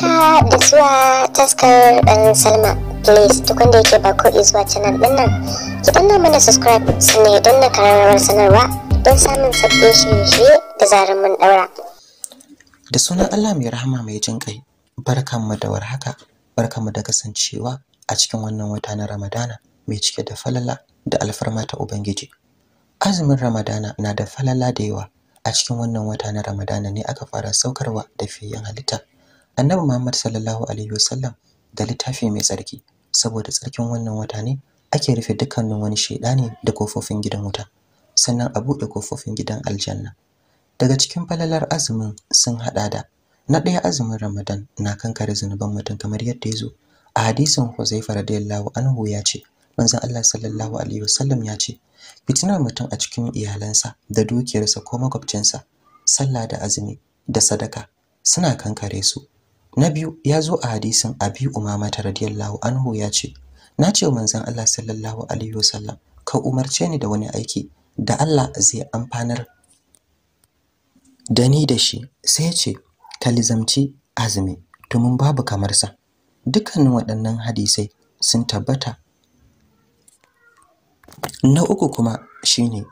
haka da zuwa taskar dan salma please duk wanda yake ba ko zuwa canal din nan ki danna mana subscribe sannan ya danna karamar sanarwa don samun sabbin shirye-shirye da zarar mun daura da sunan allah mai rahama mai jin kai mu da warhaka mu da kasancewa a cikin wannan wata na ramadana mai cike da falala da alfarma ta ubangiji azumin ramadana na da falala da yawa a cikin wannan wata na ramadana ne aka fara saukarwa da fiyan halitta Annabi Muhammad sallallahu alaihi wasallam da littafi mai tsarki saboda tsarkin wannan wata ne ake rufe dukkanin wani ne da kofofin gidan wuta sannan a buɗe kofofin gidan aljanna daga cikin falalar azumin sun haɗa da na ɗaya azumin Ramadan na kankare zunuban mutum kamar yadda ya zo a hadisin Huzaifa radiyallahu anhu ya ce manzon Allah sallallahu alaihi wasallam ya ce fitinar mutum a cikin iyalansa da dukiyarsa ko makwabcinsa sallah da azumi da sadaka suna kankare su na biyu ya zo a hadisin abi umama ta radiyallahu anhu ya ce na ce manzon Allah sallallahu alaihi wasallam ka umarce ni da wani aiki da Allah zai amfanar da ni da shi sai ce ka lizamci azumi domin babu kamar sa dukkanin waɗannan hadisai sun tabbata na uku kuma shine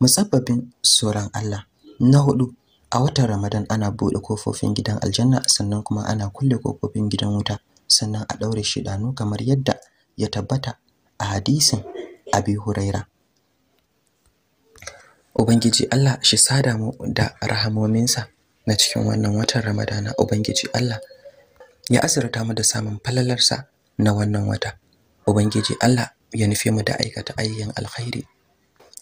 musabbabin tsoron Allah na hudu a watan Ramadan ana buɗe kofofin gidan aljanna sannan kuma ana kulle kofofin gidan wuta sannan a ɗaure shidanu kamar yadda ya tabbata a hadisin Abi Huraira Ubangiji Allah shi sada mu da rahamominsa na cikin wannan watan Ramadana Ubangiji Allah ya azurta mu da samun falalarsa na wannan wata Ubangiji Allah ya nufi mu da aikata ayyan alkhairi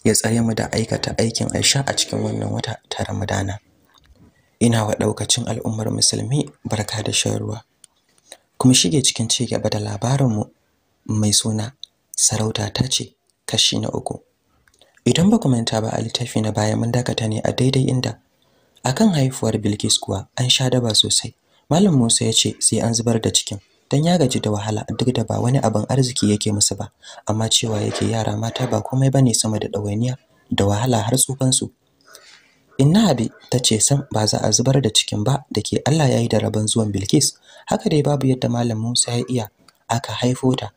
ya tsare mu da aikata aikin aisha a cikin wannan wata ta Ramadana ina wa daukacin al'ummar musulmi barka da shan ruwa kuma shige cikin ci gaba da labarinmu mai suna sarauta ta ce kashi na uku idan ba ku manta ba a littafi na baya mun dakata ne a daidai inda akan haifuwar Bilkis kuwa an sha daba sosai malam Musa ya ce sai an zubar da cikin don ya gaji da wahala duk da ba wani abin arziki yake musu ba amma cewa yake yara mata ba komai ba ne sama da ɗawainiya, da wahala har tsufansu. inna abi ta ce sam ba za a zubar da cikin ba da ke allah ya yi da rabon zuwan bilkis haka dai babu yadda malam musa ya iya aka haifo ta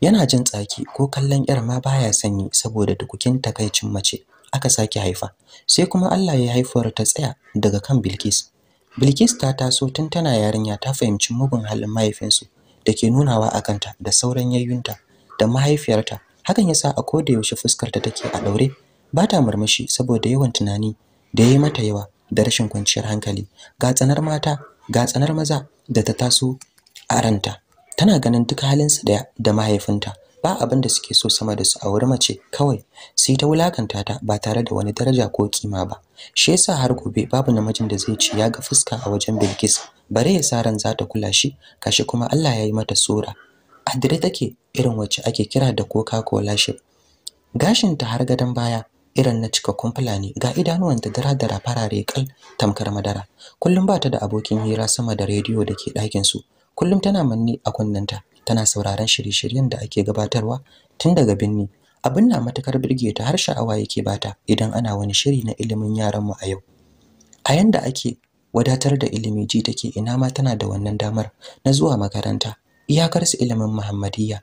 yana jin tsaki ko kallon yar ma baya sanyi saboda dukukin takaicin mace aka sake haifa sai kuma allah ya haifuwar ta tsaya daga kan bilkis bilkis ta taso tun tana yarinya ta fahimci mugun halin mahaifinsu da ke nunawa a kanta da sauran yayyunta da mahaifiyarta hakan yasa a koda yaushe fuskarta take a daure ba ta murmushi saboda yawan tunani da yayi mata yawa da rashin kwanciyar hankali ga tsanar mata ga tsanar maza da ta taso a ranta tana ganin duk halinsu daya da mahaifinta ba abin da suke so sama da su auri mace kawai sai ta wulakanta ta ba tare da wani daraja ko kima ba shi yasa har gobe babu namijin da zai ci ya ga fuska a wajen Bilkis bare ya saran za ta kula shi kashi kuma Allah ya yi mata sura adire take irin wacce ake kira da Coca-Cola ship gashin ta har gadan baya irin na cikakkun fulani ga idanuwanta dara-dara farare kal tamkar madara kullum ba ta da abokin hira sama da rediyo da ke ɗakin su kullum tana manni a kunnanta tana sauraron shirye-shiryen da ake gabatarwa tun daga binni abin na matakar birge ta har sha'awa yake bata idan ana wani shiri na ilimin yaranmu a yau a yanda ake wadatar da ilimi ji take ina ma tana da wannan damar na zuwa makaranta iyakar su ilimin muhammadiyya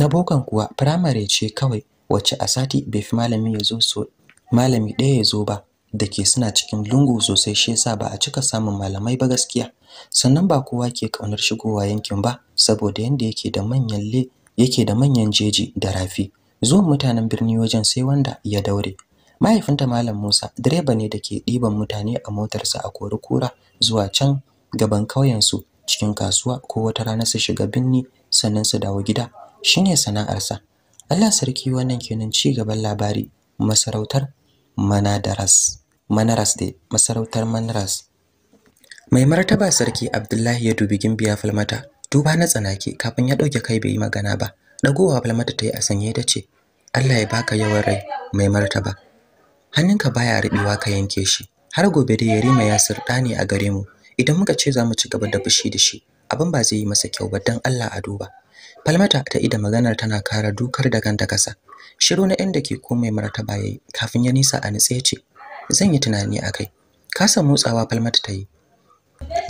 na bokan kuwa firamare ce kawai wacce a sati bai fi malami ya zo so malami ɗaya ya zo ba da ke suna cikin lungu sosai shi yasa ba a cika samun malamai ba gaskiya sannan ba kowa ke kaunar shigowa yankin ba saboda yanda yake da manyan le yake da manyan jeji da rafi zuwan mutanen birni wajen sai wanda ya daure mahaifinta malam Musa direba ne da ke ɗiban mutane a motarsa a kori kora zuwa can gaban ƙauyensu cikin kasuwa ko wata rana su shiga binni sannan su dawo gida shine sana'arsa Allah sarki wannan kenan ci gaban labari masarautar Manadaras Manaras dai masarautar Manaras Mai martaba sarki Abdullahi ya dubi Gimbiya Falmata duba na tsanake kafin ya dauke kai bai yi magana ba dagowa Falmata ta yi a sanye ta ce Allah ya baka yawan rai mai martaba hannunka baya rubewa ka yanke shi har gobe da Yarima ya surdani a gare mu idan muka ce za mu ci gaba da fushi da shi abin ba zai yi masa kyau ba dan Allah a duba Falmata ta ida maganar tana kara dukar da ganta kasa. Shiru na inda ke komai martaba yayi kafin ya nisa a nitse ce zan yi tunani akai. Kasa motsawa Falmata ta yi.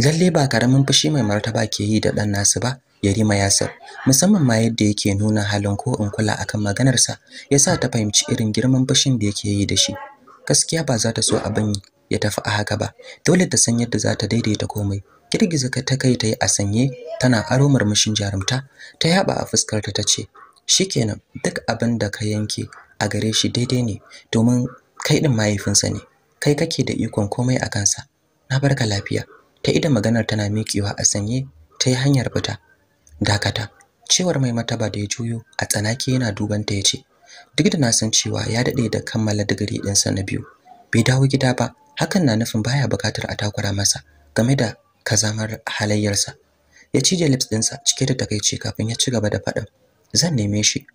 Lalle ba karamin fushi mai martaba ke yi da dan nasu ba. Yarima Yasir musamman ma yadda yake nuna halin ko in kula akan maganar maganarsa yasa ta fahimci irin girman fushin da yake yi da shi gaskiya ba za ta so abin ya tafi a haka ba dole ta san yadda za ta daidaita komai girgiza ka kai ta yi a sanye tana aro murmushin jarumta ta yaba a fuskar ta tace shikenan duk abin da ka yanke a gare shi daidai ne domin kai din mahaifinsa ne kai kake da ikon komai a kansa na barka lafiya ta ida maganar tana miƙewa a sanye ta yi hanyar fita dakata cewar mai mataba da ya juyo a tsanake yana duban ta yace duk da na san cewa ya dade da kammala digiri ɗinsa na biyu bai dawo gida ba hakan na nufin baya bukatar a takura masa game da kazamar halayyarsa ya cije lips dinsa cike da takaici kafin ya ci gaba da faɗin zan neme shi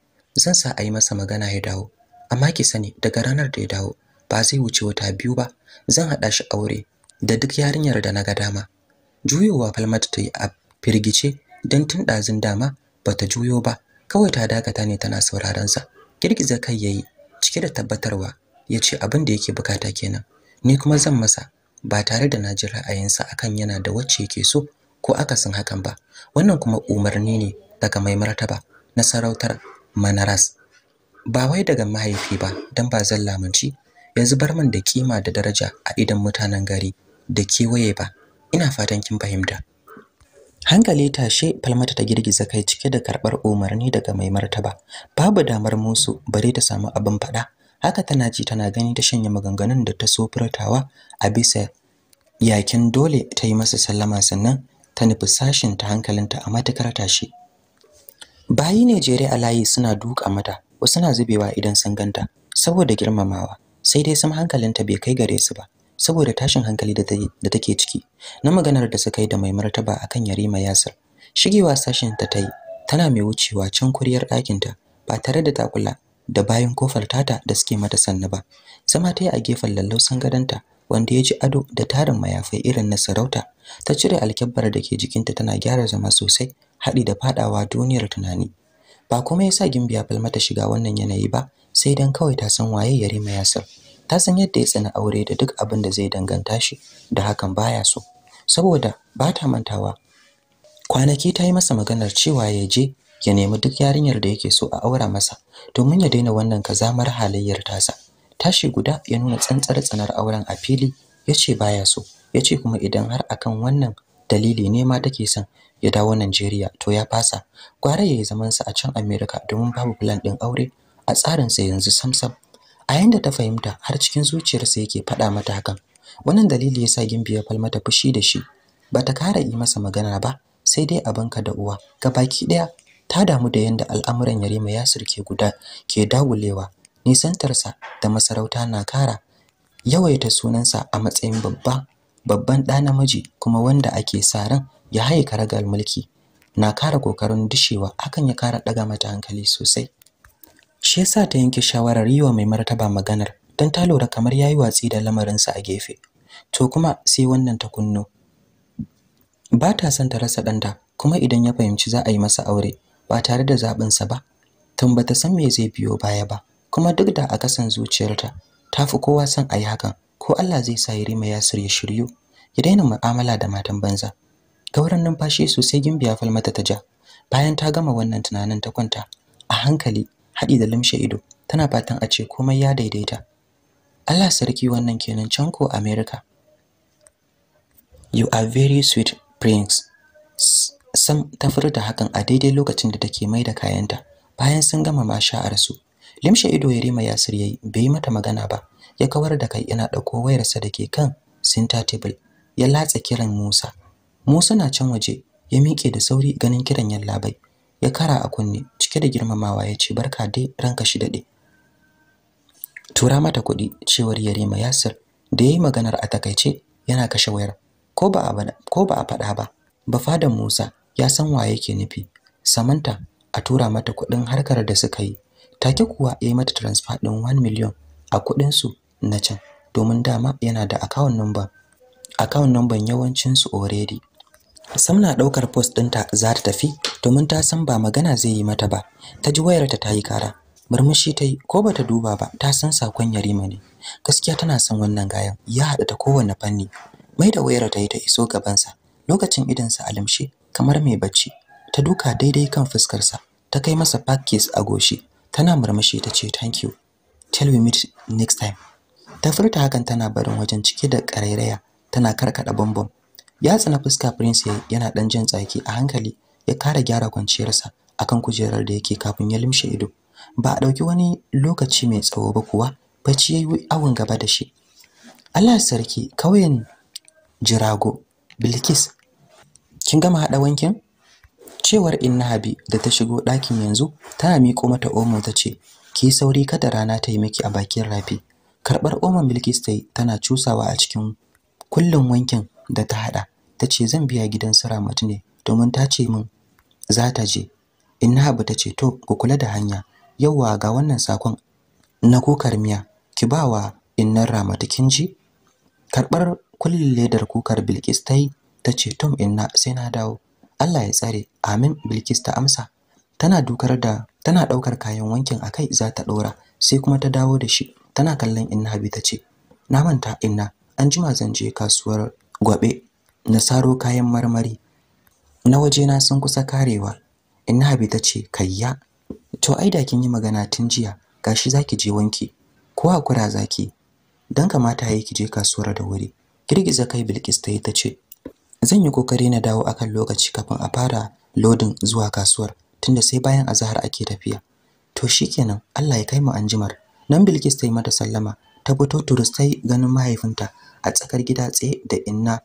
zan sa a yi masa magana ya dawo amma ki sani daga ranar da ya dawo ba zai wuce wata biyu ba zan haɗa shi aure da duk yarinyar da na ga dama juyowa falmata ta yi a firgice don tun ɗazin dama ta juyo ba kawai ta dakata ne tana sauraron girgiza kai yayi cike da tabbatarwa Ya yace abin da yake bukata kenan ni kuma zan masa ba tare da na ra'ayinsa akan yana da wacce yake so ko akasin hakan ba wannan kuma umarni ne daga mai martaba na sarautar manaras ba wai daga mahaifi ba dan ba zan lamunci yanzu bar min da kima da daraja a idan mutanen gari da kewaye ba ina fatan kin fahimta hankali tashe falmata ta girgiza kai cike da karbar umarni daga mai martaba babu damar musu bare ta samu abin fada haka tana ji tana gani ta shanye maganganun da ta so a bisa yakin dole ta yi masa sallama sannan ta nufi sashin ta hankalinta a matakar shi. bayi ne jere a layi suna duka mata wasu na zubewa idan sun ganta saboda girmamawa sai dai sam hankalinta bai kai gare su ba saboda tashin hankali da take ciki na maganar da suka yi da mai martaba akan Yarima Yasir shigewa sashin ta tai tana mai wucewa can kuriyar ɗakinta ba tare da takula da bayan kofar tata da suke mata sannu ba zama ta yi a gefen lallausan gadonta wanda ya ji ado da tarin mayafai irin na sarauta ta cire alkyabbar da ke jikinta tana gyara zama sosai haɗi da faɗawa duniyar tunani ba kuma ya sa gimbiya falma ta shiga wannan yanayi ba sai dan kawai ta san waye yarima yasir ta san yadda ya tsana aure da duk abin da zai danganta shi da hakan baya so saboda ba ta mantawa kwanaki ta yi masa maganar cewa ya je ya nemi duk yarinyar da yake so a aura masa domin ya daina wannan kazamar halayyar tasa tashi guda ya nuna tsantsar tsanar auren a fili yace baya so yace kuma idan har akan wannan dalili ne ma take son ya dawo Najeriya to ya fasa gwara ya zaman sa a can America domin babu plan ɗin aure a tsarin tsarinsa yanzu samsam a yanda ta fahimta har cikin zuciyarsa yake faɗa mata hakan wannan dalili yasa Gimbi ya ta fushi da shi bata kara yi masa magana ba sai dai a banka da uwa baki daya ta damu da yanda al'amuran Yarima ya ke guda ke dagulewa nisantarsa da masarauta na kara yawaita sunansa a matsayin babba babban ɗa namiji kuma wanda ake sa ran ya haye karagal mulki na kara kokarin dishewa hakan ya kara daga mata hankali sosai shi yasa ta yanke shawarar yiwa mai martaba maganar don ta lura kamar yayi watsi da lamarinsa a gefe to kuma sai wannan ta kunno ba ta son ta rasa ɗanta kuma idan ya fahimci za a yi masa aure ba tare da zaɓinsa ba tun ba ta san me zai biyo baya ba kuma duk da a kasan zuciyarta tafi kowa san a yi hakan ko Allah zai sa Yarima Yasir ya shiryu ya daina mu'amala da matan banza gauran numfashi sosai gimbiya falmata ta ja bayan ta gama wannan tunanin ta kwanta a hankali haɗi da limshe ido tana fatan a ce komai ya daidaita Allah sarki wannan kenan can ko America you are very sweet prince sam ta furta hakan a daidai lokacin da take mai da kayanta bayan sun gama masha'ar su limshe ido ya rima yasir yayi bai mata magana ba ya kawar da kai yana dauko wayarsa da ke kan center table ya latsa kiran Musa Musa na can waje ya miƙe da sauri ganin kiran yallabai ya kara a kunne cike da girmamawa ya ce barka dai ranka shi dade tura mata kuɗi cewar Yarima Yasir da yayi maganar a takaice yana kashe wayar ko ba a ko ba a faɗa ba ba fadan Musa ya san wa yake nufi samanta a tura mata kuɗin harkar da suka yi take kuwa ya yi mata transfer ɗin 1 million a kuɗinsu na can domin dama yana da account number account number yawancinsu already Sam na ɗaukar post ɗinta za ta tafi domin ta san ba magana zai yi mata ba ta ji wayarta ta yi kara murmushi ta yi ko bata duba ba ta san sakon yarima ne gaskiya tana son wannan gayan ya haɗu ta kowane fanni mai da wayar ta yi ta iso gabansa lokacin idansa a limshe kamar mai bacci ta duka daidai kan fuskarsa ta kai masa back a goshi tana murmushi ta ce thank you tell me meet next time ta furta hakan tana barin wajen cike da karairaya tana karkada bombom ya tsina fuska prince yana dan jin tsaki a hankali ya kara gyara kwanciyarsa akan kujerar da yake kafin ya limshe ido ba a dauki wani lokaci mai tsawo ba kuwa bacci yayi awon gaba da shi Allah sarki kauyen Jirago Bilkis kin gama hada wankin cewar inna habi da ta shigo ɗakin yanzu tana miƙo mata omo ta ce ki sauri kada rana ta yi miki a bakin rafi karɓar omon bilkis ta tana cusawa a cikin kullum wankin da ta hada ta ce zan biya gidan su ramatu ne domin ta ce min za ta je inna habi ta ce to ku kula da hanya yauwa ga wannan sakon na kukar miya ki ba wa innan ramatu kin ji karɓar kullin ledar kukar bilkis ta ta ce tom inna sai na dawo Allah ya tsare amin bilkis ta amsa tana dukar da tana daukar kayan wankin akai za ta dora sai kuma ta dawo da shi tana kallon inna habi ta ce na manta inna an jima zan je kasuwar gwabe na saro kayan marmari na waje na sun kusa karewa inna habi ta ce kayya to ai da kin yi magana tun jiya gashi zaki je wanki ko hakura zaki dan kamata yayi ki je kasuwar da wuri girgiza kai Bilkis ta yi ta ce Zan yi kokari na dawo akan lokaci kafin a fara lodin zuwa kasuwar tunda sai bayan azahar ake tafiya. To shikenan, Allah ya kai mu anjimar. Nan Bilkis ta yi mata sallama, ta fito turistai ganin mahaifinta a tsakar gida tsaye da inna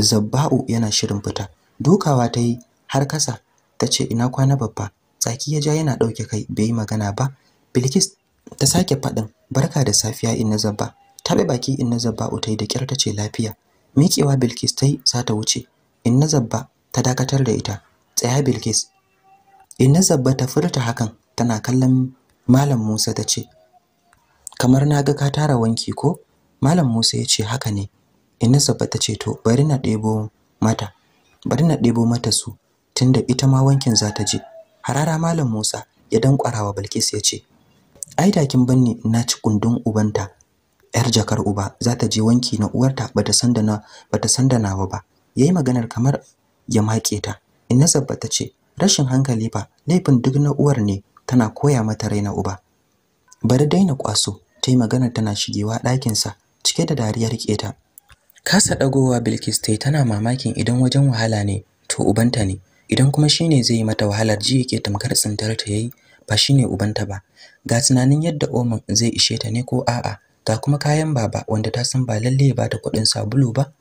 Zabba'u yana shirin fita. Dukawa ta yi har kasa ta ce ina kwana babba. Tsaki ya ja yana ɗauke kai bai yi magana ba. Bilkis ta sake faɗin barka da safiya inna Zabba. Taɓe baki inna Zabba'u ta yi da ƙyar lafiya. miƙewa Bilkis ta yi za ta wuce na zabba ta dakatar da ita tsaya Bilkis na zabba ta furta hakan tana kallon Malam Musa ta ce kamar na ga ka tara wanki ko Malam Musa ya ce haka ne na zabba ta ce to bari na ɗebo mata bari na ɗebo mata su tunda ita ma wankin za ta je harara Malam Musa ya ƙwarawa, Bilkis ya ce ai da kin banni na ci kundin ubanta yar jakar uba za ta je wanki na uwarta bata san da na bata san da nawa ba yayi maganar kamar ya make ta in nasabba ta ce rashin hankali ba, laifin duk na uwar ne tana koya mata raina uba bari daina kwaso ta yi maganar tana shigewa ɗakin sa cike da dariyar keta kasa ɗagowa bilkis ta tana mamakin idan wajen wahala ne to ubanta ne idan kuma shine zai yi mata wahalar ji yake tamkar tsintar ta yayi ba shine ubanta ba ga tunanin yadda omen zai ishe ta ne ko a'a ga kuma kayan baba wanda ta san ba lalle ba da kuɗin sabulu ba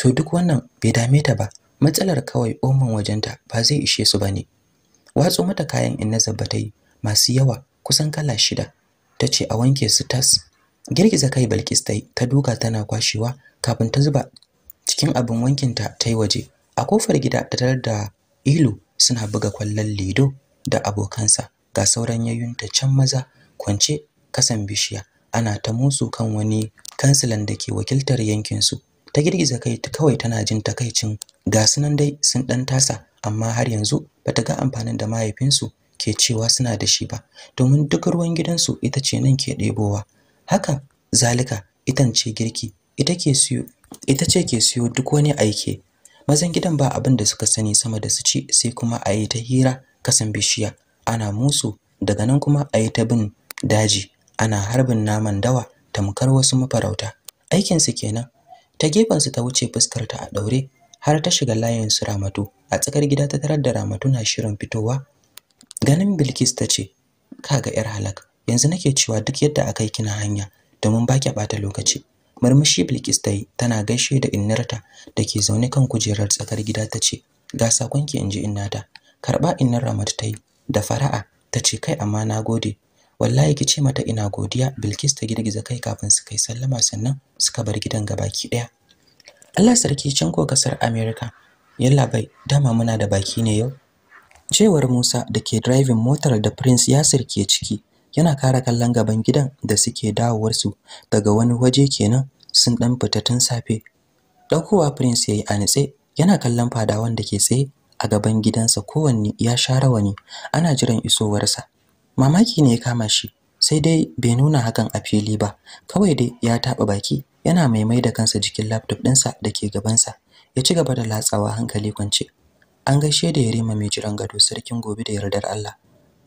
to duk wannan bai dame ta ba matsalar kawai oman wajenta ba zai ishe su ba ne. watso mata kayan in na zabba yi masu yawa kusan kala shida ta ce a wanke su tas girgiza kai Bilkis ta yi ta duka tana kwashewa kafin ta zuba cikin abin wankinta ta yi waje a kofar gida ta tarar da ilu suna buga kwallon lido da abokansa ga sauran yayyunta can maza kwance kasan bishiya ana ta musu kan wani kansilan da ke wakiltar yankinsu ta girgiza kai kawai tana jin takaicin ga sunan dai sun dan tasa amma har yanzu bata ga amfanin da mahaifinsu ke cewa suna da shi ba domin duk ruwan gidansu ita ce nan ke ɗebowa haka zalika itan ce girki ita ke siyo ita ce ke siyo duk wani aike mazan gidan ba abin da suka sani sama da su ci sai kuma a yi ta hira kasan bishiya ana musu daga nan kuma a yi ta bin daji ana harbin naman dawa tamkar wasu mafarauta aikinsu kenan ta gefen su ta wuce fuskarta a ɗaure har ta shiga layin su ramatu a tsakar gida ta tarar da ramatu na shirin fitowa ganin bilkis ta ce kaga yar halak yanzu nake cewa duk yadda aka yi kina hanya domin ba ki ɓata lokaci murmushi bilkis ta yi tana gaishe da innarta da ke zaune kan kujerar tsakar gida ta ce ga sakonki in ji innata karɓa innar ramatu ta yi da fara'a ta ce kai amma na gode wallahi ki ce mata ina godiya Bilkis ta girgiza kai kafin su kai sallama sannan suka bar gidan gabaki daya Allah sarki can ko kasar America yalla bai dama muna da baki ne yau cewar Musa da ke driving motar da Prince ya sirke ciki yana kara kallon gaban gidan da suke dawowar su daga wani waje kenan sun dan fita tun safe daukowa Prince yayi a nitse yana kallon fadawan da ke tsaye a gaban gidansa kowanne ya sha rawani ana jiran isowarsa mamaki ne ya kama shi sai dai bai nuna hakan a fili ba kawai dai ya taɓa baki yana maimai da kansa jikin laptop ɗinsa da ke gabansa ya ci gaba da latsawa hankali kwance an gaishe da yarima mai jiran gado sarkin gobe da yardar Allah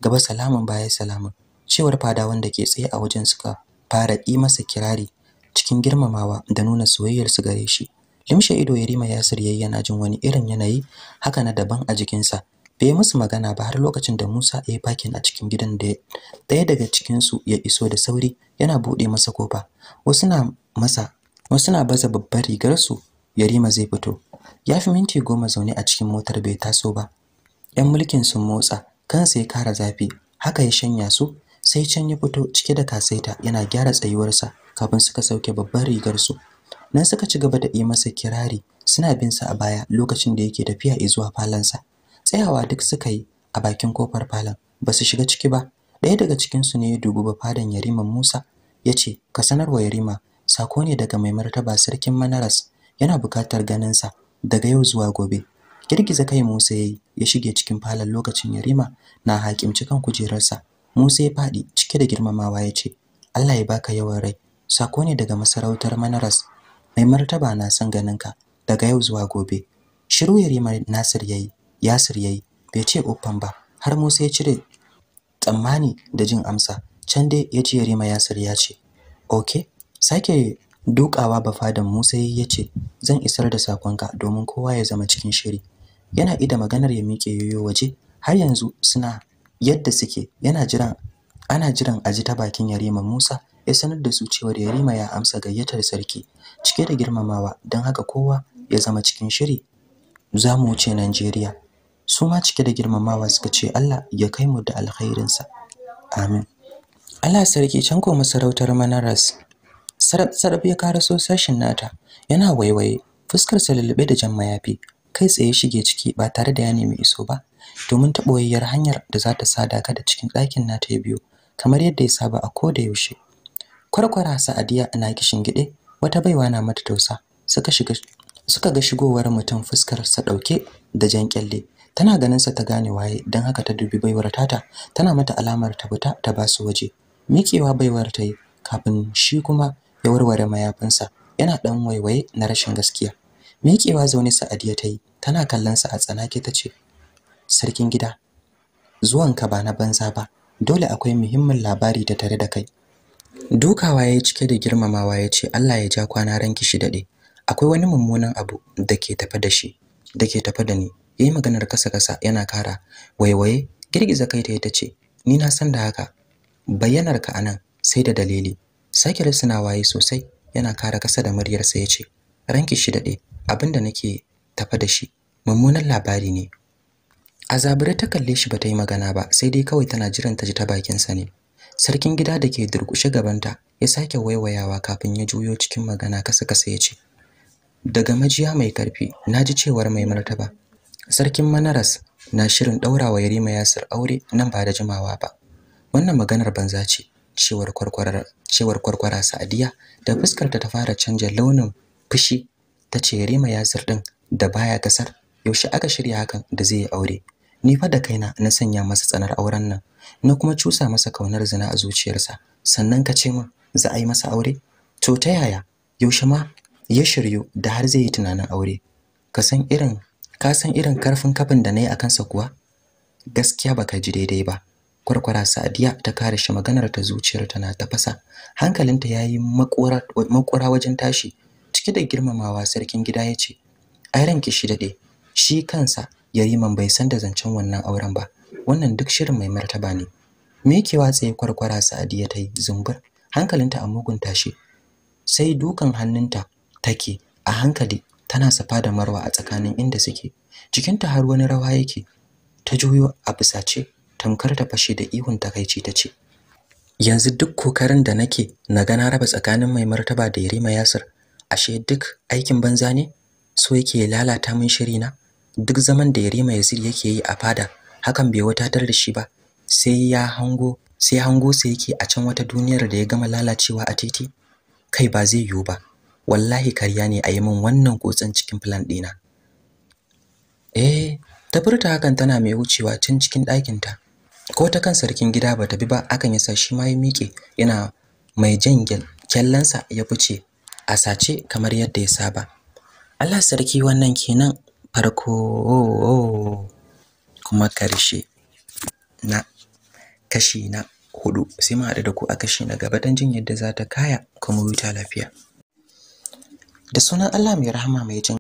gaba salamun baya salamun cewar fada wanda ke tsaye a wajen suka fara yi masa kirari cikin girmamawa da nuna soyayyar su gare shi limshe ido yarima yasir yayi yana jin wani irin yanayi haka na daban a jikinsa bai yi musu magana ba har lokacin da Musa ya fakin a cikin gidan da ɗaya daga cikin su ya iso da sauri yana buɗe masa kofa wasu na masa wasu na baza babbar rigar su Yarima zai fito ya fi minti goma zaune a cikin motar bai taso ba yan mulkin sun motsa kansa ya kara zafi haka ya shanya su sai can ya fito cike da kasaita yana gyara tsayuwarsa kafin suka sauke babbar rigar su nan suka ci gaba da yi masa kirari suna bin sa a baya lokacin da yake tafiya zuwa falansa tsayawa duk suka yi a bakin kofar falon ba su shiga ciki ba ɗaya daga cikinsu ne ya ba fadan yariman musa ya ce ka sanarwa yarima sako ne daga mai martaba sarkin manaras yana buƙatar ganinsa daga yau zuwa gobe girgiza kai musa ya yi ya shige cikin falon lokacin yarima na hakimci kan kujerarsa musa ya faɗi cike da girmamawa ya ce allah ya baka yawan rai sako ne daga masarautar manaras mai martaba na son ganinka daga yau zuwa gobe shiru yarima nasir ya yi Yasir yayi bai ce uffan ba har Musa ya cire tsammani da jin amsa can dai ya ce Rima Yasir ya ce okay sake dukawa ba fadan Musa ya ce zan isar da sakonka domin kowa ya zama cikin shiri yana ida maganar ya mike yoyo waje har yanzu suna yadda suke yana jiran ana jiran aji ta bakin Yarima Musa ya sanar da su cewa Yarima ya amsa gayyatar sarki cike da girmamawa don haka kowa ya zama cikin shiri za mu wuce Najeriya su ma cike da girmamawa suka ce Allah ya kai mu da alkhairinsa amin Allah sarki can ko masarautar Manaras sarab sarab ya karaso sashin nata yana waiwaye fuskar sa lulube da jan mayafi kai tsaye shige ciki ba tare da ya nemi iso ba domin taɓoyayyar hanyar da za ta sada ka da cikin ɗakin nata ya biyo kamar yadda ya saba a ko da yaushe kwarkwara sa'adiya na kishin gide wata baiwa na mata tausa suka shiga suka ga shigowar mutum fuskar sa dauke da jan kyalle tana ganin sa ta gane waye dan haka ta dubi baiwar tata tana mata alamar ta fita ta basu waje miƙewa baiwar ta yi kafin shi kuma ya warware mayafinsa yana ɗan waiwaye na rashin gaskiya miƙewa zaune sa'adiya ta yi tana kallon sa a tsanake ta ce sarkin gida zuwanka ba na banza ba dole akwai muhimmin labari da tare da kai dukawa ya cike da girmamawa ya ce Allah ya ja kwana ranki shi dade akwai wani mummunan abu da ke da shi da ke tafe da ni yayi maganar kasa-kasa yana kara waiwaye girgiza kai ta ce ni na san da haka bayyanar ka anan sai da dalili sake risina waye sosai yana kara kasa da muryarsa ya ce ranki shi daɗe abinda nake tafa da shi mummunan labari ne azabure ta kalle shi ta yi magana ba sai dai kawai tana jiran ta ji ta bakin sa ne sarkin gida da ke durkushe gabanta ya sake waiwayawa kafin ya juyo cikin magana kasa kasa ya ce daga majiya mai karfi na ji cewar mai martaba Sarkin Manaras na shirin wa Yarima Yasir aure nan ba da jimawa ba. Wannan maganar banza ce, cewar kwarkwara cewar kwarkwara Sa'adiya da fuskar ta fara canja launin fushi ce Yarima Yasir din da baya kasar yaushe aka shirya hakan da zai yi aure. Ni fa da kaina na sanya masa tsanar auren nan, na kuma cusa masa kaunar zina a zuciyarsa. Sannan ka ce min za a yi masa aure? To ta yaya? Yaushe ma ya shiryu da har zai yi tunanin aure? Ka san irin ka san irin karfin kafin da na yi a kansa kuwa gaskiya baka ji daidai ba kwarkwara Sadiya ta kare shi maganar ta zuciyar tana tafasa hankalinta yayi makura makura wajen tashi cike da girmamawa sarkin gida yace ce ai ranki shi dade shi kansa yariman bai san da zancen wannan auren ba wannan duk shirin mai martaba ne me yake watsaye kwarkwara Sadiya ta zumbur hankalinta a mugun tashi sai dukan hannunta take a hankali tana safa da marwa a tsakanin inda suke jikinta har wani rawa yake ta juyo a bisace tamkar ta fashe da ihun takaici ta ce yanzu duk kokarin da nake na gana raba tsakanin mai martaba da Yarima Yasir ashe duk aikin banza ne so yake lalata min shiri na duk zaman da Yarima Yasir yake yi a fada hakan bai wadatar da shi ba sai ya hango sai hango sai yake a can wata duniyar da ya gama lalacewa a titi kai ba zai yiwu ba wallahi karya ne a yi min wannan kutsen cikin plan ɗina eh ta furta hakan tana mai wucewa tun cikin ɗakinta ko ta kan sarkin gida ba ta bi ba akan yasa shi ma ya miƙe yana mai jan kyallansa ya fice a sace kamar yadda ya saba Allah sarki wannan kenan farko kuma karshe na kashi na hudu sai mu haɗu da ku a kashi na gaba don jin yadda za ta kaya kuma wuta lafiya da sunan Allah mai rahama mai jin